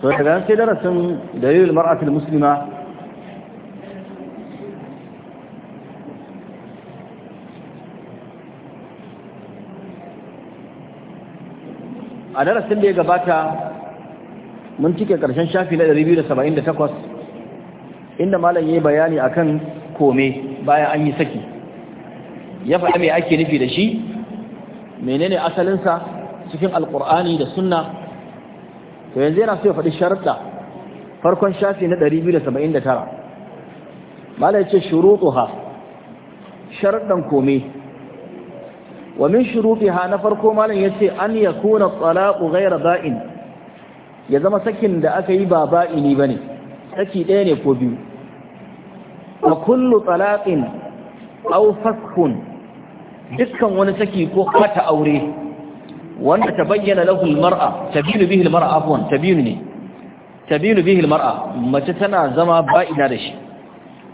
so daga sai darasin dalilin mar'atul musulma. a darasin da ya gabata mun cike karshen shafi na 278 inda malam yi bayani akan kome bayan an yi saki ya faɗa me ake nufi da shi menene asalinsa cikin alkur'ani da sunna to yanzu yana so ya faɗi sharuɗa farkon shafi na 279 mala yace shurutuha sharuɗan kome wa min shurutiha na farko malam yace an yakuna talaqu ghayra ba'in ya zama sakin da aka yi ba ba'ini bane saki ɗaya ne ko biyu wa kullu talaqin aw faskun dukkan wani saki ko kata aure wanda ta bayyana lahul mar'a tabinu bihi almar'a afwan tabinu ne tabinu bihi almar'a mace tana zama ba'ida da shi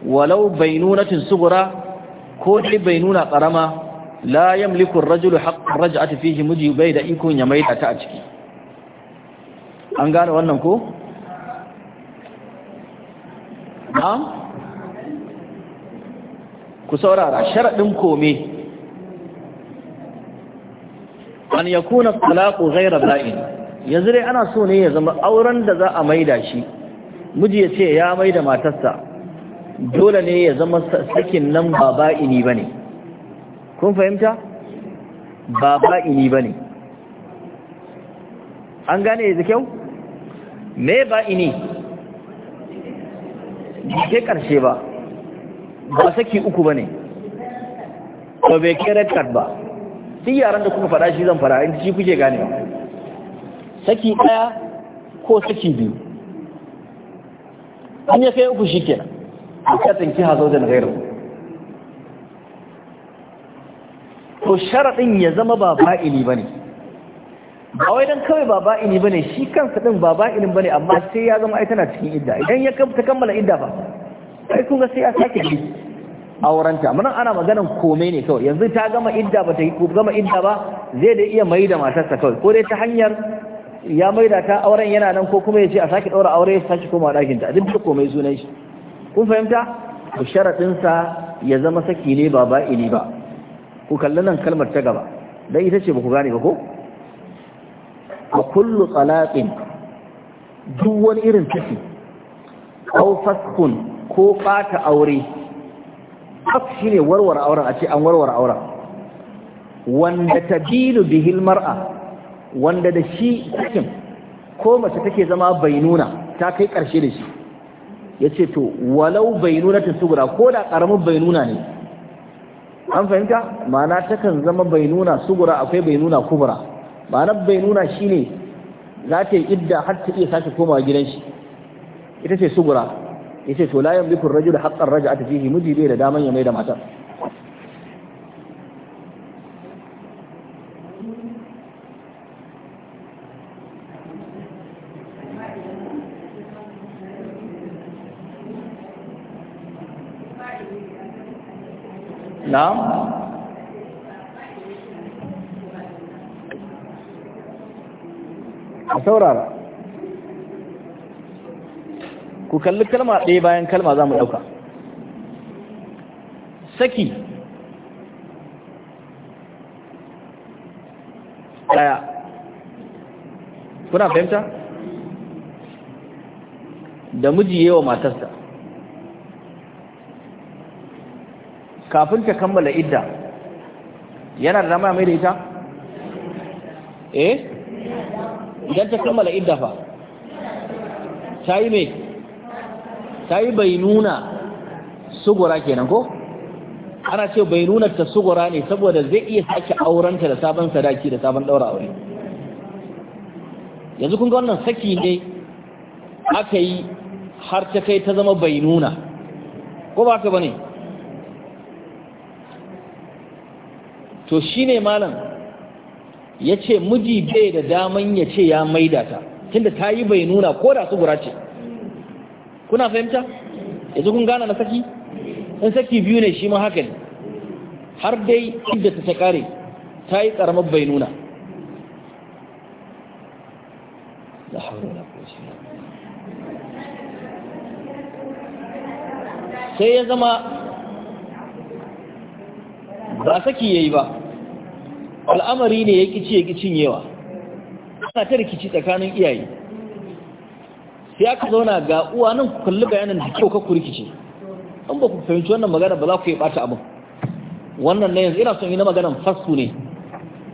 walau bainunatin sugura ko dai bainuna karama la yamliku ar-rajulu haqqan raj'ati fihi muji bai da ikon ya maida ta a ciki an gane wannan ko na'am ku saurara sharadin kome an yakuna talaqu ghayra ba'in yanzu dai ana so ne ya zama auren da za a maida shi miji ya ce ya maida matarsa dole ne ya zama sakin nan ba ba'ini bane kun fahimta ba ba'ini bane an gane yanzu kyau me ba'ini ke karshe ba ba saki uku bane ba bai kere ba duk yaran da kuka fara shi zan fara inda shi kuke ba. saki ɗaya ko saki biyu an ya kai uku shi a aka tsinki hazo da gairu to sharaɗin ya zama ba fa'ili ba ne ba wai don kawai ba ba'ini ba ne shi kansa ɗin ba ba'inin ba ne amma sai ya zama ai tana cikin idda idan ya ta kammala idda ba sai kun ga sai ya sake bi aurenta mun ana maganan komai ne kawai yanzu ta gama idda ba ta gama idda ba zai da iya mai da matarsa kawai ko dai ta hanyar ya mai da ta auren yana nan ko kuma ya ce a sake ɗaura aure ya sake koma ɗakin ta duk komai sunan shi kun fahimta to sharaɗin sa ya zama saki ne ba ba ili ba ku kalli nan kalmar ta gaba dan ita ce ba ku gane ba ko a kullu talaqin duk wani irin tafi aw faskun ko ɓata aure shi shine warware auren a ce an warware auren wanda tabilu bihil mar'a wanda da shi cikin ko mace take zama bainuna ta kai ƙarshe da shi ya ce to walau bainuna ta sugura ko da karamin bainuna ne an fahimta ma'ana takan zama bainuna sugura akwai bainuna kubura ma'anar bainuna shine za ta yi idda har ta iya sake komawa gidan shi ita ce sugura yace to la yamliku ar-rajulu haqqan raj'ati fihi miji bai da daman ya mai da matar na'am a saurara ku kalli kalma ɗaya bayan kalma za mu ɗauka saki ɗaya kuna fahimta da miji yawa matarsa kafin ta kammala idda yana da rama mai da ita? eh? idan ta kammala idda fa ta yi mai ta yi bai sugura kenan ko ana ce bai nuna ta sugura ne saboda zai iya sake aurenta da sabon sadaki da sabon daura aure yanzu kun ga wannan saki ne aka yi har ta kai ta zama bai nuna ko ba ka bane to shine malam yace miji bai da daman ya ce ya maida ta tunda ta yi bai ko da sugura ce kuna fahimta yanzu kun gana na saki in saki biyu ne shi ma haka ne har dai inda ta kare ta yi karamar bai nuna sai ya zama ba saki ya yi ba al'amari ne ya kici ya kicin yawa ana ta rikici tsakanin iyaye sai aka zauna ga uwa nan ku kalli bayanin da kyau ku rikice in ba ku fahimci wannan magana ba za ku yi bata abin wannan ne yanzu ina son yi na maganan fasku ne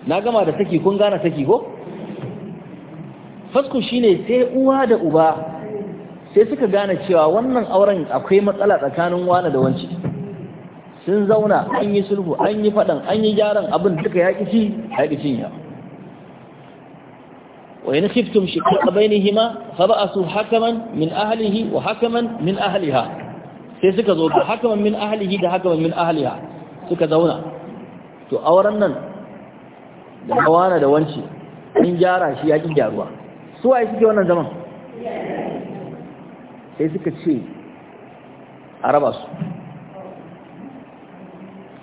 na gama da saki kun gane saki ko fasku shine sai uwa da uba sai suka gane cewa wannan auren akwai matsala tsakanin wani da wanci sun zauna an yi sulhu an yi faɗan an yi gyaran abin duka ya ƙi ci ya ƙi cinya وإن خفتم شقاق بينهما فبأسوا حكما من أهله وحكما من أهلها سيسك زوج حكما من أهله ده حكما من أهلها سك زونا تو أورنن da hawana da wanci in gyara shi ya ƙi gyaruwa su waye wannan zaman sai suka ce a raba su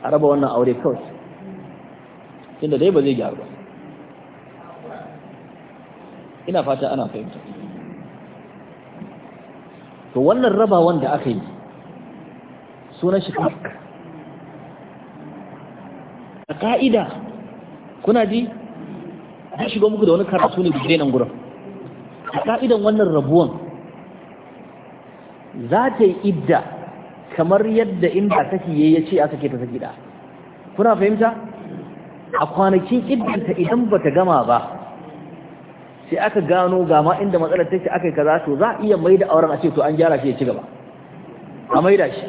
a raba wannan aure kawai zai gyaru ina fata ana fahimta to wannan rabawan da aka yi sunan shi a ka'ida kuna ji ya shigo muku da wani karatu ne bijire nan gurin a ka'idan wannan rabuwan za ta yi idda kamar yadda inda take yi ya ce aka ke ta kuna fahimta a kwanakin iddanta idan ba ta gama ba sai aka gano ga ma inda matsalar take aka yi kaza to za iya mai da auren a ce to an gyara shi ya ci gaba a mai da shi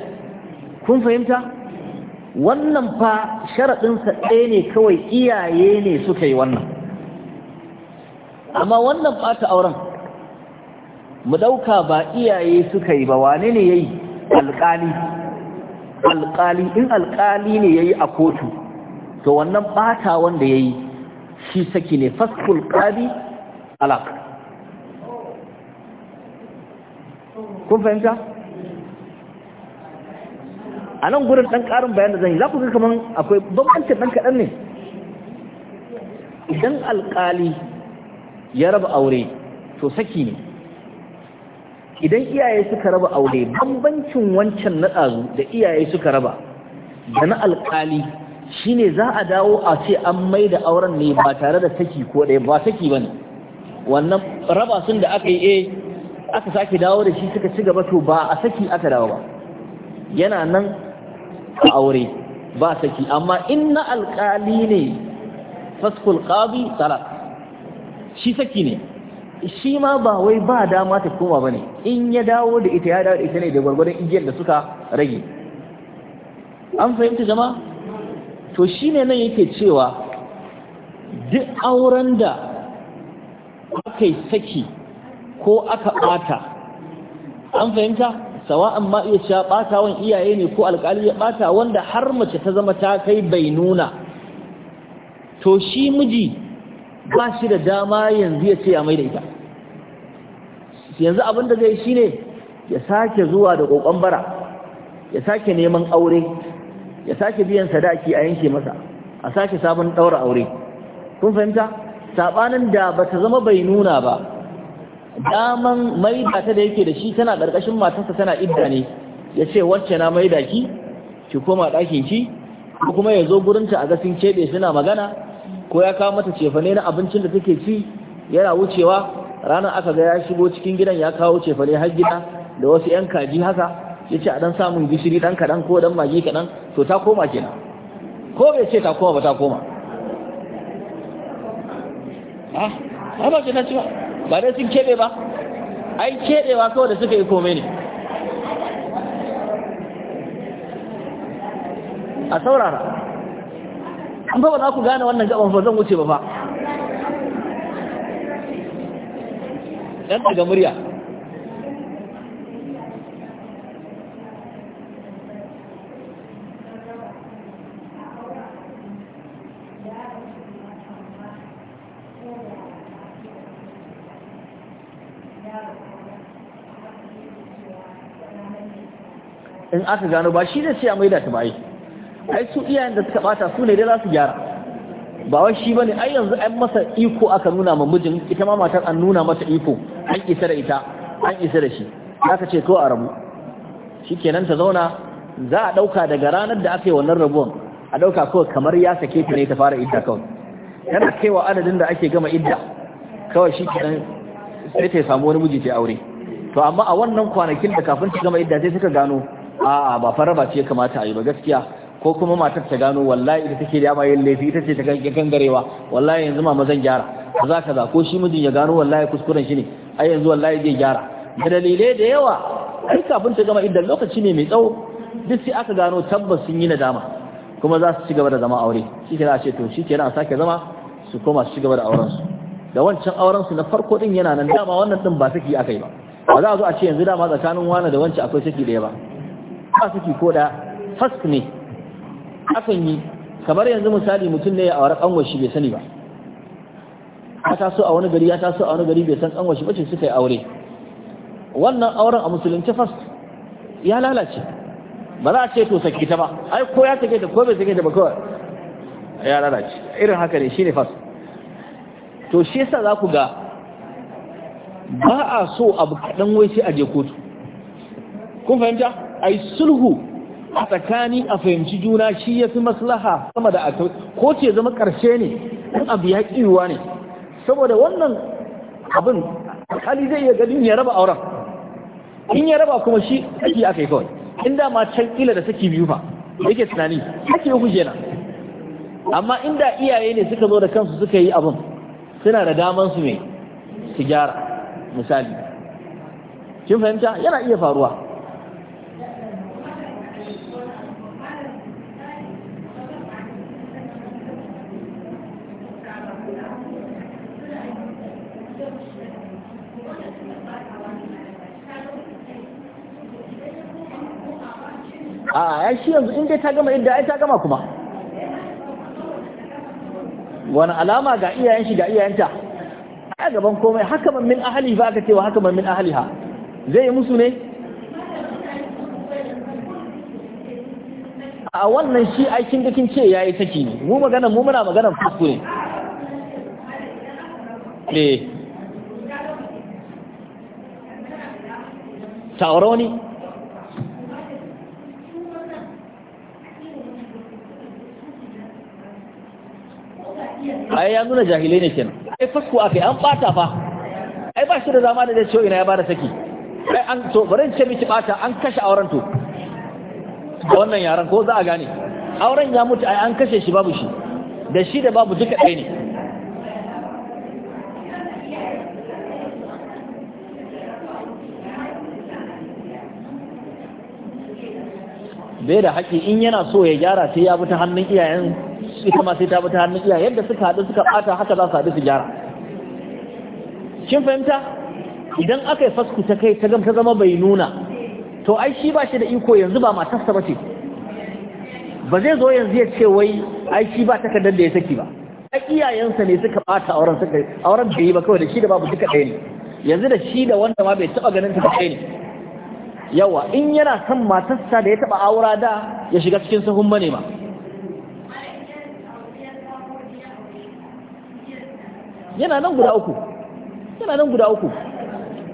kun fahimta wannan fa sharaɗinsa ɗaya ne kawai iyaye ne suka yi wannan amma wannan ɓata auren mu ɗauka ba iyaye suka yi ba wane ne ya yi alƙali alƙali in alƙali ne ya yi a kotu to wannan ɓata wanda ya yi shi saki ne faskul ƙali alaq kun fahimta a nan gurin ɗan ƙarin bayan da zan yi za ku ga akwai bambancin ɗan kaɗan ne idan alƙali ya raba aure to saki ne idan iyaye suka raba aure bambancin wancan na ɗazu da iyaye suka raba da na alƙali shine za a dawo a ce an mai da auren ne ba tare da saki ko ɗaya ba saki ba ne wannan raba sun da aka yi eh, aka sake dawo da shi suka ci gaba to ba a saki aka dawo ba yana nan a aure ba saki amma in na alkali ne faskul qadi salat shi saki ne shi ma ba wai ba dama ta koma bane in ya dawo da ita ya dawo da ita ne da gwargwadon igiyar da suka rage an fahimta jama'a to shine nan yake cewa duk auren da aka yi saki ko aka ɓata an fahimta sawa'an ma iya bata wani iyaye ne ko alkali ya bata wanda har mace ta zama ta kai bai nuna to shi miji ba shi da dama yanzu ya ce ya mai da ita yanzu abin da zai shi ne ya sake zuwa da ƙoƙon bara ya sake neman aure ya sake biyan sadaki a yanke masa a sake sabon daura aure kun fahimta sabanin da bata zama bai nuna ba daman maida ta da yake da shi tana karkashin matarsa tana idda ne Ya ce, wacce na maida ki ki koma ɗakin ki ko kuma ya zo gurinta a ga sun kebe suna magana ko ya kawo mata cefane na abincin da take ci yana wucewa ranar aka ga ya shigo cikin gidan ya kawo cefane har gida da wasu 'yan kaji haka ya ce a dan samun gishiri dan kaɗan ko dan magi kaɗan to ta koma kenan ko bai ce ta koma ba ta koma a ba jannaci ba ba dai sun keɓe ba ai keɓewa kawai da suka yi komai ne a saurara an ba ba za ku gane wannan gaban fa zan wuce ba fa ɗan daga murya in aka gano ba shi ne sai a maida ta ba ai su iyayen da suka bata su ne da za su gyara ba wai shi bane ai yanzu an masa iko aka nuna ma mijin ita ma matar an nuna mata iko an isa da ita an isa da shi aka ce to a rabu shikenan ta zauna za a dauka daga ranar da aka yi wannan rabuwan a dauka ko kamar ya sake ta ne ta fara idda kawai yana kaiwa adadin da ake gama idda kawai shikenan sai ta samu wani miji ta aure to amma a wannan kwanakin da kafin ta gama idda sai suka gano a'a ba faraba ce kamata a yi ba gaskiya ko kuma matar ta gano wallahi ita take da mai laifi ita ce ta gangarewa wallahi yanzu ma zan gyara za ka za ko shi mijin ya gano wallahi kuskuren shi ne ai yanzu wallahi zai gyara da dalilai da yawa ai kafin ta gama idan lokaci ne mai tsawo duk sai aka gano tabbas sun yi nadama kuma za su ci gaba da zama aure shi ke ce to shi ke a sake zama su koma su ci gaba da auren su da wancan auren su na farko din yana nan dama wannan din ba saki aka yi ba ba za a zo a ce yanzu dama tsakanin wani da wancan akwai saki daya ba ba su ko koda fast ne akan yi kamar yanzu misali mutum ne ya aure kanwar shi bai sani ba ya taso a wani gari ya taso a wani gari bai san kanwar shi bace suka yi aure wannan auren a musulunci fast ya lalace ba za a ce to saki ta ba ai ko ya take ta ko bai take ta ba kawai ya lalace irin haka ne shine fast to shi yasa za ku ga ba a so abu kaɗan wai sai a je kotu kun fahimta Ai sulhu a tsakani a fahimci juna shi ya fi maslaha sama da aka ko ce zama ƙarshe ne in abu ya ƙiwa ne saboda wannan abin hali zai iya gani ya raba auren in ya raba kuma shi ake aka yi kawai in dama can kila da saki biyu fa yake tunani ake yi kujena amma inda iyaye ne suka zo da kansu suka yi abin suna da daman su ne su gyara misali kin fahimta yana iya faruwa ai shi yanzu in dai ta gama idda ai ta gama kuma wani alama ga iyayen shi ga iyayenta a gaban komai haka man min ahali ba aka cewa haka man min ha, zai yi musu ne a wannan shi aikin da kin ce yayi saki ne mu magana mu muna magana fusko ne eh tauroni ai ya nuna jahilai ne kenan ai fasku akai an bata fa ai ba shi da zama da cewa ina ya bada saki ai an to barin ce miki bata an kashe auren to da wannan yaran ko za a gane auren ya mutu ai an kashe shi babu shi da shi da babu duka ɗaya ne bai da haƙi in yana so ya gyara sai ya bi ta hannun iyayen ita ma sai ta bi ta hannun iya yadda suka haɗu suka ɓata haka za su haɗu su gyara kin fahimta idan aka yi fasku ta kai ta zama bai nuna to ai shi ba shi da iko yanzu ba matarsa ba ce ba zai zo yanzu ya ce wai ai shi ba takardar da ya saki ba ai iyayensa ne suka bata auren suka auren yi ba kawai da shi da babu duka ɗaya ne yanzu da shi da wanda ma bai taba ganin ta ɗaya ne yawa in yana son matarsa da ya taba aura da ya shiga cikin sahun manema yana nan guda uku yana nan guda uku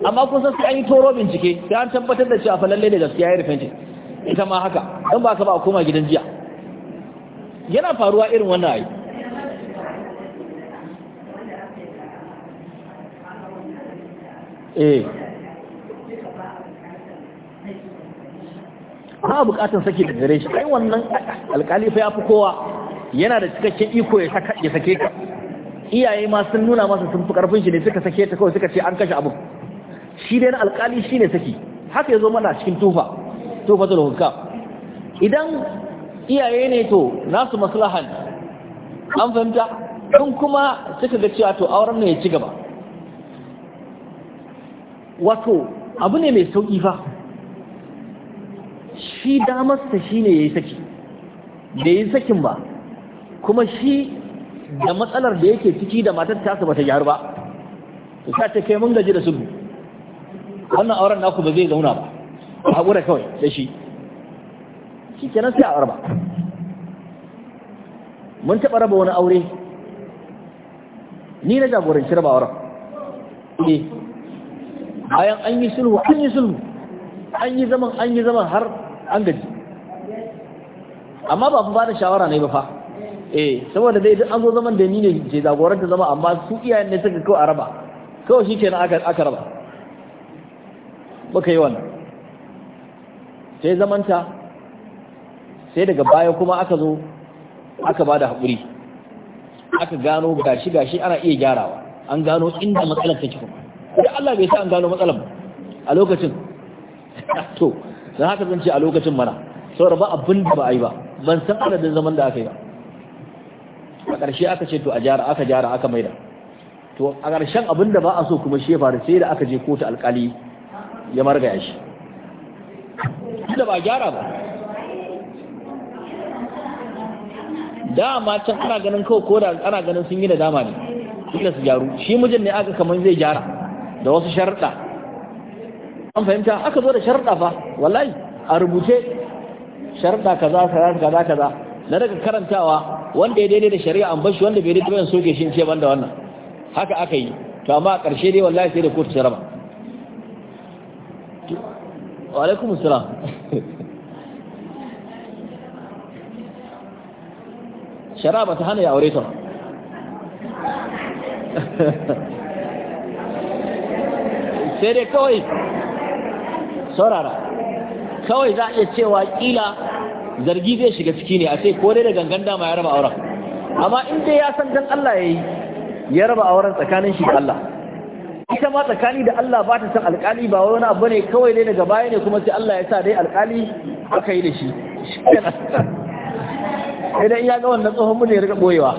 amma kun san sai an yi toro bincike sai an tabbatar da cewa falalle ne gaskiya ya rufin ita ma haka don ba ka ba a koma gidan jiya yana faruwa irin wannan ayi eh ba bukatun saki da gare shi ai wannan alkali fa yafi kowa yana da cikakken iko ya sake ka iyaye ma sun nuna masa sun fi karfin shi ne suka sake ta kawai suka ce an kashe abu shi dai na alkali shi ne saki haka ya zo mana cikin tufa tufa da hukka idan iyaye ne to nasu maslahan an fahimta kun kuma suka ga cewa to auren ne ya ci gaba wato abu ne mai sauƙi fa shi damarsa shi ne ya yi saki da yi sakin ba kuma shi da matsalar da yake ciki da matar tasa bata gyaru ba to sai ta kai mun gaji da sulhu wannan auren naku ba zai zauna ba a haƙura kawai da shi shi kenan sai a arba mun taɓa raba wani aure ni na jagoranci raba auren ne eh. bayan an yi sulhu an yi sulhu an yi zaman an yi zaman har an gaji amma ba ku ba da shawara ne ba fa eh saboda dai duk an zo zaman da ni ne ke jagoranta zama amma su iyayen ne suka kawai a raba kawai shi kenan aka aka raba muka yi wannan sai zamanta sai daga baya kuma aka zo aka bada haƙuri aka gano gashi gashi ana iya gyarawa an gano inda matsalar take kuma sai Allah bai sa an gano matsalar a lokacin to dan haka zan ce a lokacin mana saboda ba abin da ba a yi ba ban san adadin zaman da aka yi ba ƙarshe aka ce to a jara aka jara aka maida to a ƙarshen abin da ba a so kuma shi ya faru sai da aka je kotu alƙali ya margaya shi da ba gyara ba dama can ana ganin kawai ko da ana ganin sun yi da dama ne inda su gyaru shi mijin ne aka kamar zai gyara da wasu sharɗa an fahimta aka zo da sharɗa fa wallahi a rubuce sharuɗa kaza kaza kaza kaza na daga karantawa wanda ya daidai da shari'a an bashi wanda bai daidai ba soke shi ce banda wannan haka aka yi to amma a ƙarshe dai wallahi sai da kotu ta raba wa alaikum assalam shari'a ba ta hana ya aure ta sai dai kawai saurara kawai za a iya cewa kila zargi zai shiga ciki ne a sai ko dai da gangan dama ya raba auren amma in dai ya san dan Allah yayi ya raba auren tsakanin shi da Allah ita ma tsakani da Allah ba ta san alƙali ba wani abu ne kawai dai daga baya ne kuma sai Allah ya sa dai alƙali aka yi da shi idan ya ga wannan tsohon mu ne rika boyewa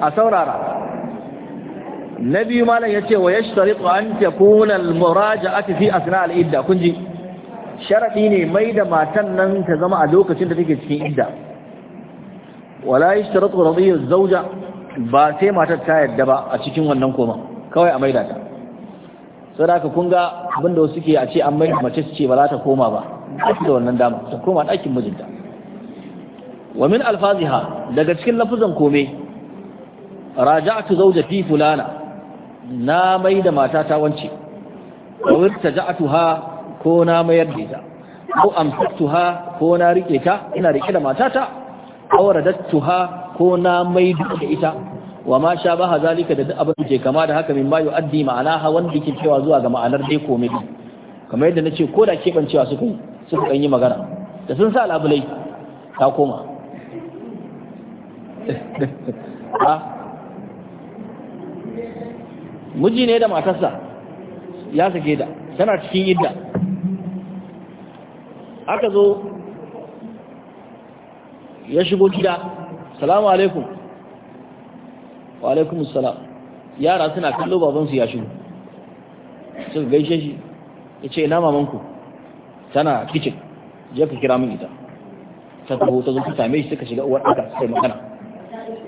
a saurara na biyu malam ya ce wa ya sharifu an ta kunal muraja a tafi a suna al'idda kun ji sharaɗi ne mai da matan nan ta zama a lokacin da take cikin idda wala ya sharifu radiyar zauja ba sai matar ta yadda ba a cikin wannan koma kawai a maida ta sau da aka kunga abinda wasu suke, a ce an maida mace ce ba za ta koma ba ake da wannan dama ta koma ɗakin mijinta wa min alfaziha daga cikin lafuzan kome raja'tu zawjati fulana na mai da mata ta wance kawai ta tuha ko na mayar da ita ko tuha ko na rike ta ina rike da matata tuha ko na mai da ita wa ma sha ba hazalika da abin da ke kama da haka min ma addi ma'ana ha wanda ke cewa zuwa ga ma'anar dai komai kamar yadda na ce ko da ke bancewa suka suka yi magana da sun sa labulai ta koma ah. miji ne da matarsa ya sake da tana cikin idda aka zo ya shigo gida salamu alaikum wa alaikum salam yara suna kallo babansu ya shigo sun gaishe shi ya ce ina mamanku tana kicin je ka kira min ita ta taho ta zo ta same shi suka shiga uwar aka sai magana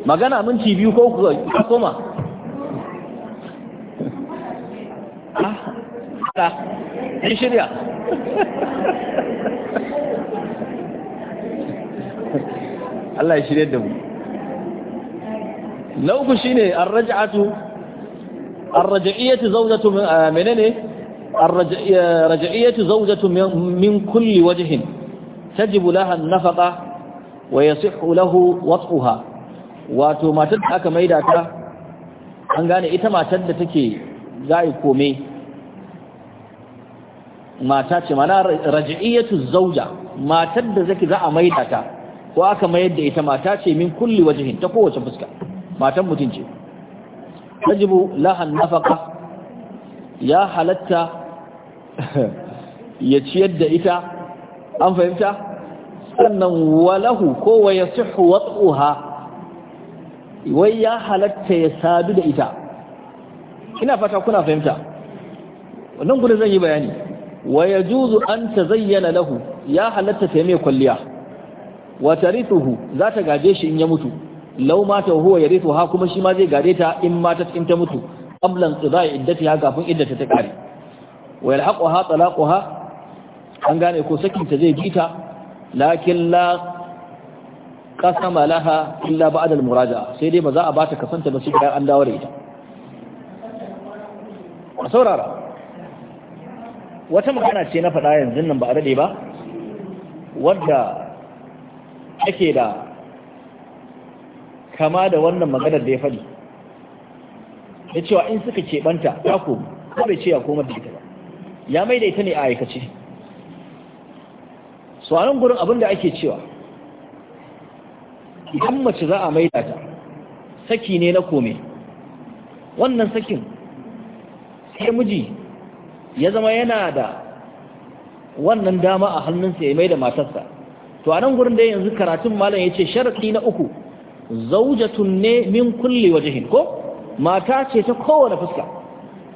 magana minti biyu ko ku ka koma ta in shirya Allah ya shirya da mu na shine arraj'atu arraj'iyatu zawjatu ah, menene arraj'iyatu min kulli wajhin tajibu laha an-nafaqa wa yasihhu lahu wat'uha wato matar da aka maida ta an gane ita matar da take zai kome mata ce mana raj'iyatu zauja matar da zaki za a maida ta ko aka mayar da ita mata ce min kulli wajhin ta kowace fuska matan mutun ce wajibu laha nafaqa ya halatta ya ciyar da ita an fahimta sannan walahu ko wa yasihu wat'uha wai ya halatta ya sadu da ita ina fata kuna fahimta wannan gudu zan yi bayani wa juzu an zayyana lahu ya halatta ta mai kwalliya wa tarithuhu za ta gaje shi in ya mutu law mata huwa yarithuha kuma shi ma zai gare ta in mata ta mutu qablan qida'i ya kafin iddata ta kare wa yalhaquha talaquha an gane ko sakin ta zai jita lakin la ƙasa malaha illa ba'da al sai dai ba za a bata kasanta ba ɗaya an dawo da ita saurara wata magana ce na faɗa yanzu nan ba a daɗe ba wadda ake da kama da wannan maganar da ya faɗi da cewa in suka keɓanta ta komu ko bai ce ya koma da ita ba ya mai ita ne a aikace su a gurin abin da ake cewa idan mace za a maida ta saki ne na kome wannan sakin sai miji ya zama yana da wannan dama a hannunsa ya mai da matarsa to a nan gurin da yanzu karatun malam ya ce sharaɗi na uku zaujatun ne min kulle wajihin ko mata ce ta kowane fuska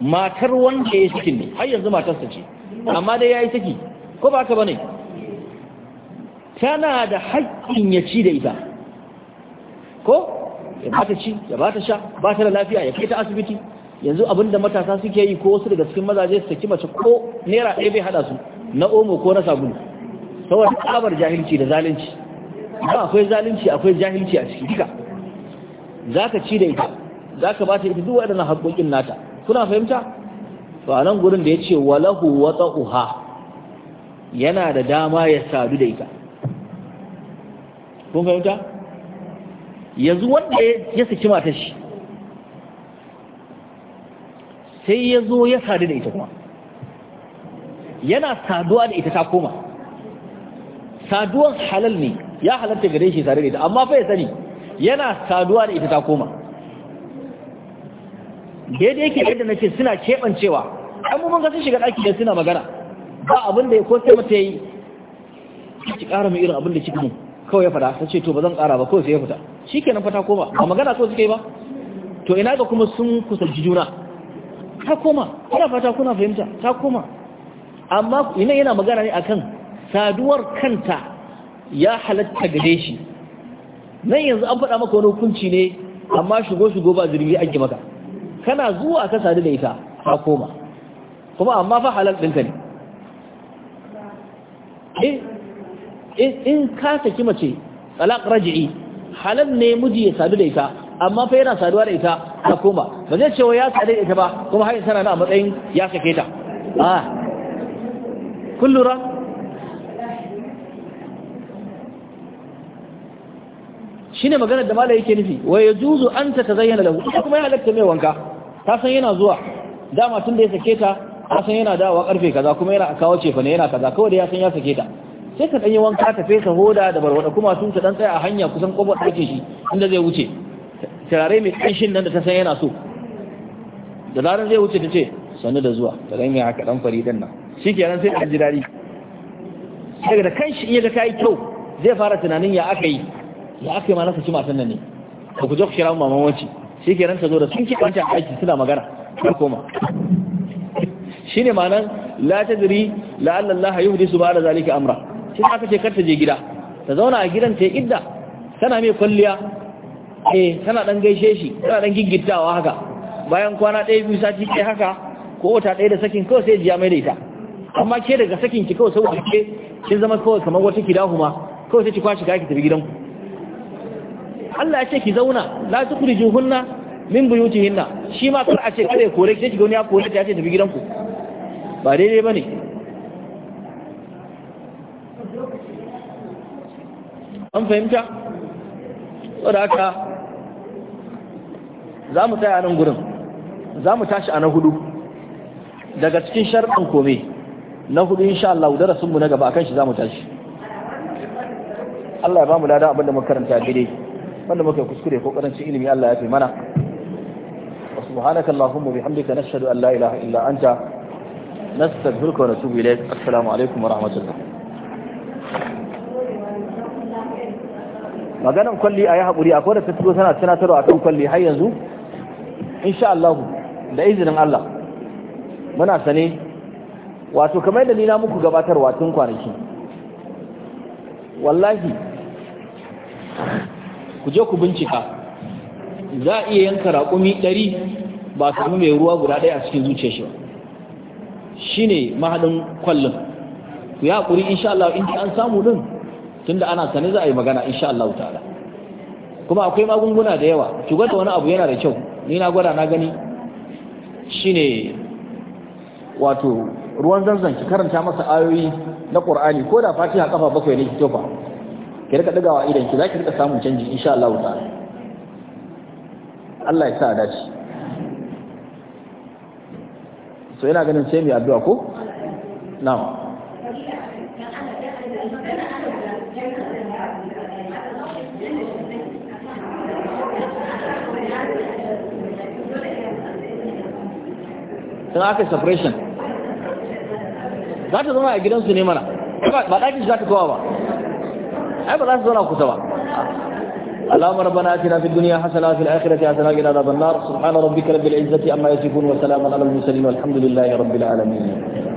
matar wanda ya cikin ne har yanzu matarsa ce amma dai ya yi saki ko ba ka ba ne tana da haƙƙin ya ci da ita ko ya ba ta ci ya ba ta sha ba ta da lafiya ya kai ta asibiti yanzu abin da matasa suke yi ko wasu daga cikin mazaje su saki mace ko naira ɗaya bai haɗa su na omo ko na sabulu saboda tsabar jahilci da zalunci ba akwai zalunci akwai jahilci a ciki duka za ka ci da ita za ka ba ta ita duk waɗannan haƙoƙin nata kuna fahimta to a nan gurin da ya ce walahu wata uha yana da dama ya sadu da ita kun fahimta yanzu wanda ya saki matar shi sai ya zo ya sadu da ita kuma yana saduwa da ita ta koma saduwan halal ne ya halatta gare shi sadu da ita amma fa ya sani yana saduwa da ita ta koma daidai yake yadda na ce suna keɓancewa an mu ga sun shiga ɗaki da suna magana ba abin da ya ko sai mata yi ki ƙara mai irin abin da cikin kawai ya fada ta ce to ba zan ƙara ba kawai sai ya fita shi fa ta koma ba magana so suke ba to ina ga kuma sun kusa juna ta koma ina fata kuna fahimta ta koma amma ina yana magana ne akan saduwar kanta ya halatta gare shi nan yanzu an faɗa maka wani hukunci ne amma shigo shigo ba zirgi ake maka kana zuwa ka sadu da ita ta koma kuma amma fa halal ɗinka ne eh, eh, in ka saki mace talaq raj'i halal ne miji ya sadu da ita amma fa yana saduwa da ita a ba zai cewa ya tsare ita ba kuma hayin tana na a matsayin ya sake ta a kullura shi ne maganar da mala yake nufi wa ya juzu an ta ta zayyana da ita kuma ya halatta mai wanka ta san yana zuwa dama tun da ya sake ta ta san yana dawa karfe kaza kuma yana kawo cefa ne yana kaza kawai da ya san ya sake ta sai ka ɗanyi wanka ta fesa hoda da barwada kuma sun ta ɗan tsaya a hanya kusan ƙofar ɗakin shi inda zai wuce turare mai ƙanshin nan da ta san yana so da zarar zai wuce ta ce sannu da zuwa ta zai mai haka ɗan faridan nan shi nan sai ɗan ji daɗi daga da kanshi iya ga ta yi kyau zai fara tunanin ya aka yi ya aka yi ma na ci matan nan ne ka ku je ku shira maman wacce shi nan ta zo da sun kiɗa wancan aiki suna magana ta koma shi ne ma'anar la ta ziri diri la'allallaha yi su ba da zalika amra shi aka ce kar ta je gida ta zauna a gidan ta yi idda tana mai kwalliya eh tana dan gaishe shi tana dan giggittawa haka bayan kwana ɗaya biyu sati ɗaya haka ko wata ɗaya da sakin kawai sai jiya mai da ita amma ke daga sakin ki kawai saboda ke kin zama kawai kamar wata dahu ma kawai sai ki kwashi ki tafi gidanku Allah ya ce ki zauna la hunna min buyutihinna shi ma kar a ce kare kore ki ki ga wani ya kore ta ya ce tafi gidanku ba daidai bane an fahimta saboda haka za mu tsaya nan gurin za mu tashi a na hudu daga cikin sharɗin kome na hudu insha Allah darasinmu na gaba kan shi za mu tashi Allah ya ba mu lada abinda muka karanta daidai wanda muka kuskure ko karancin ilimi Allah ya fi mana wa subhanaka allahumma bihamdika nashhadu an la ilaha illa anta nastaghfiruka wa natubu ilayk assalamu alaikum wa rahmatullah maganan kwalli a yi haƙuri akwai da ta tana tunatarwa akan kwalli har yanzu insha Allah da izinin Allah muna sane wato kamar da ni na muku gabatarwa tun kwanaki wallahi ku je ku bincika za iya yanka raƙumi ɗari ba samu mai ruwa guda ɗaya a cikin zuciya shi shi ne mahaɗin kwallon ku yi haƙuri insha Allah in an samu ɗin tun ana sane za a yi magana insha Allah ta'ala kuma akwai magunguna da yawa Ki wani abu yana da kyau ni na gwada na gani shine wato ruwan zanzan ki karanta masa ayoyi na Qur'ani ko da Fatiha ƙafa bakwai ne ki tofa ki rika dagawa idan ki zaki rika samun canji insha Allah ta'ala Allah ya sa dace so yana ganin sai mu addu'a ko na'am in aka separation za ta zama a gidansu ne mana ba ɗakin za ta kowa ba ai ba za su zauna kusa ba اللهم ربنا اتنا في الدنيا حسنه وفي الاخره حسنه وقنا عذاب سبحان ربك رب العزه amma يصفون وسلام على المرسلين والحمد لله رب العالمين